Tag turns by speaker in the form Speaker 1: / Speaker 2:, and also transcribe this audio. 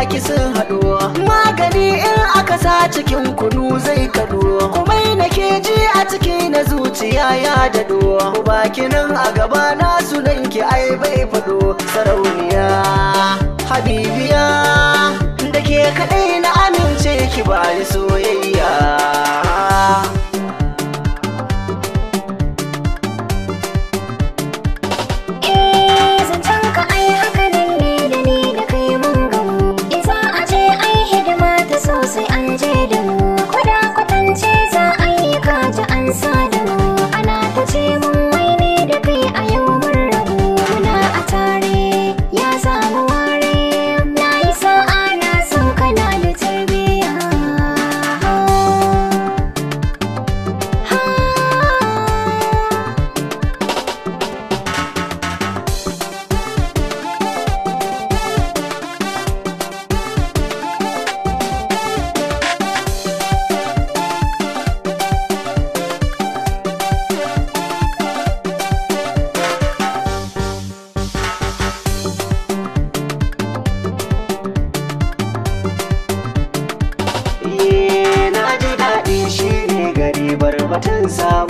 Speaker 1: zaki sun haɗu magani in aka sa cikin kunu zai kaɗu kumai nake ji a ciki na zuciya ya ku bakinan a gaba nasu nan ki ai bai faɗo sarauni matansa